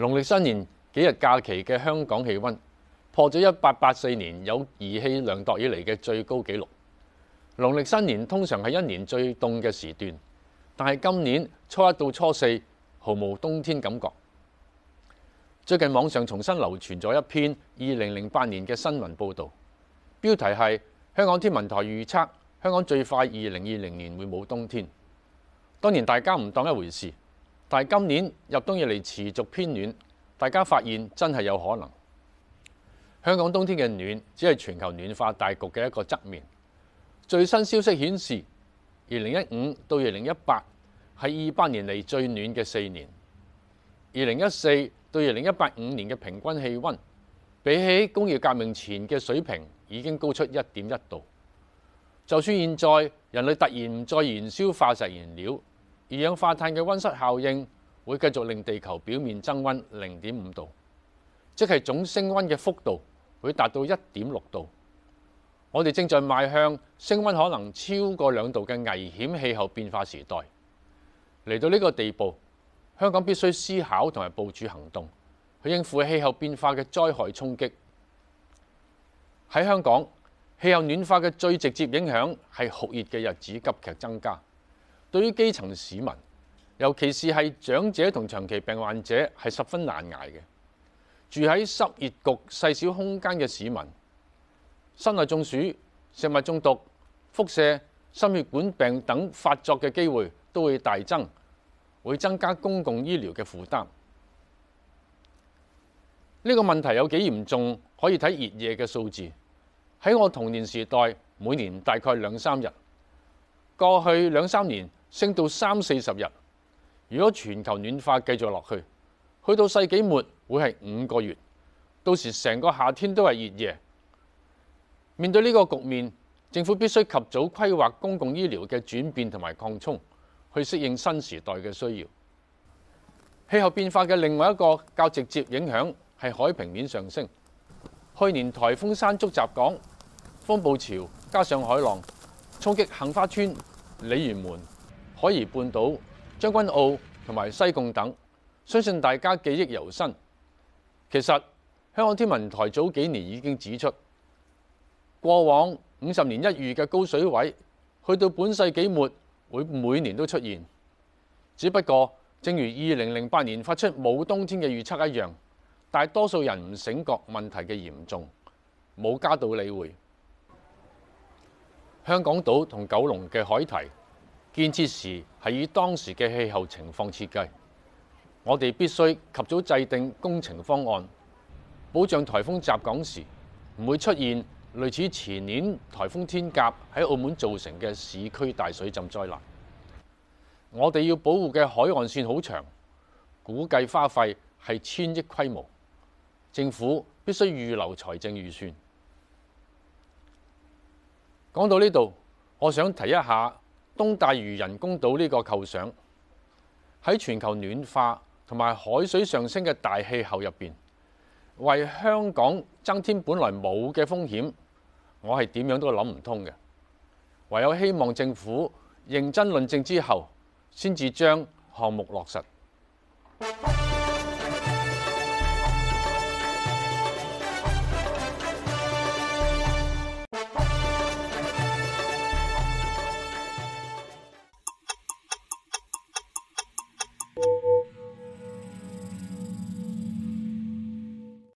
農曆新年幾日假期嘅香港氣温破咗一八八四年有儀器量度以嚟嘅最高紀錄。農曆新年通常係一年最凍嘅時段，但係今年初一到初四毫無冬天感覺。最近網上重新流傳咗一篇二零零八年嘅新聞報導，標題係香港天文台預測香港最快二零二零年會冇冬天。當然大家唔當一回事。但今年入冬以嚟持續偏暖，大家發現真係有可能香港冬天嘅暖，只係全球暖化大局嘅一個側面。最新消息顯示，二零一五到二零一八係二百年嚟最暖嘅四年。二零一四到二零一八五年嘅平均氣温，比起工業革命前嘅水平已經高出一點一度。就算現在人類突然唔再燃燒化石燃料。二氧化碳嘅温室效應會繼續令地球表面增温零點五度，即係總升溫嘅幅度會達到一點六度。我哋正在邁向升溫可能超過兩度嘅危險氣候變化時代。嚟到呢個地步，香港必須思考同埋部署行動，去應付氣候變化嘅災害衝擊。喺香港，氣候暖化嘅最直接影響係酷熱嘅日子急劇增加。對於基層市民，尤其是係長者同長期病患者，係十分難捱嘅。住喺濕熱局細小空間嘅市民，室內中暑、食物中毒、輻射、心血管病等發作嘅機會都會大增，會增加公共醫療嘅負擔。呢個問題有幾嚴重，可以睇熱夜嘅數字。喺我童年時代，每年大概兩三日。過去兩三年，升到三四十日。如果全球暖化繼續落去，去到世紀末會係五個月。到時成個夏天都係熱夜。面對呢個局面，政府必須及早規劃公共醫療嘅轉變同埋擴充，去適應新時代嘅需要。氣候變化嘅另外一個較直接影響，係海平面上升。去年台風山竹襲港，風暴潮加上海浪衝擊杏花村、鯉魚門。海怡半島、將軍澳同埋西貢等，相信大家記憶猶新。其實香港天文台早幾年已經指出，過往五十年一遇嘅高水位，去到本世紀末會每年都出現。只不過，正如二零零八年發出冇冬天嘅預測一樣，大多數人唔醒覺問題嘅嚴重，冇加到理會。香港島同九龍嘅海堤，建設時係以當時嘅氣候情況設計，我哋必須及早制定工程方案，保障颱風襲港時唔會出現類似前年颱風天鴿喺澳門造成嘅市區大水浸災難。我哋要保護嘅海岸線好長，估計花費係千億規模，政府必須預留財政預算。講到呢度，我想提一下。東大嶼人工島呢個構想，喺全球暖化同埋海水上升嘅大氣候入邊，為香港增添本來冇嘅風險，我係點樣都諗唔通嘅。唯有希望政府認真論證之後，先至將項目落實。